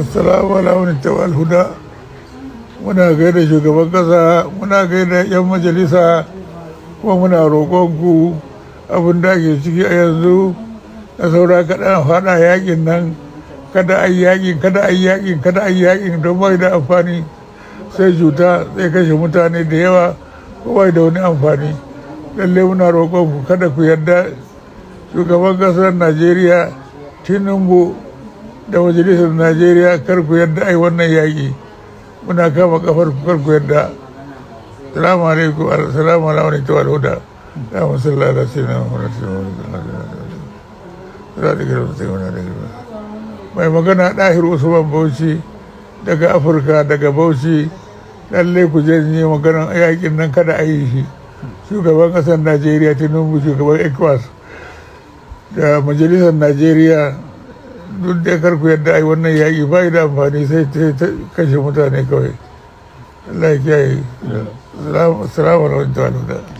assalamu alaikum tawal huda muna gaida shugaban kasa muna gaida yan majalisa kuma muna roƙon abin da ke ciki a yanzu da saura kaɗan faɗa yakin nan kada a yakin kada a yakin kada a yakin don bai da amfani sai juta sai kashe mutane da yawa ko bai da wani amfani lalle muna roƙon kada ku yarda shugaban kasar najeriya tinubu da majalisar najeriya karku yadda ai wannan yaƙi muna kama kafar karku yadda salamu alaikum salamu alaikum ta walhuda ya musalla da sinan mai magana ɗahir usman bauchi daga afirka daga bauchi lallai ku je ne maganar yaƙin nan kada a yi shi shugaban ƙasar najeriya tinubu shugaban ecowas da majalisar najeriya duk da kar yadda ai wannan yaƙi ba da amfani sai ta kashe mutane kawai Allah ya kiyaye salamu alaikum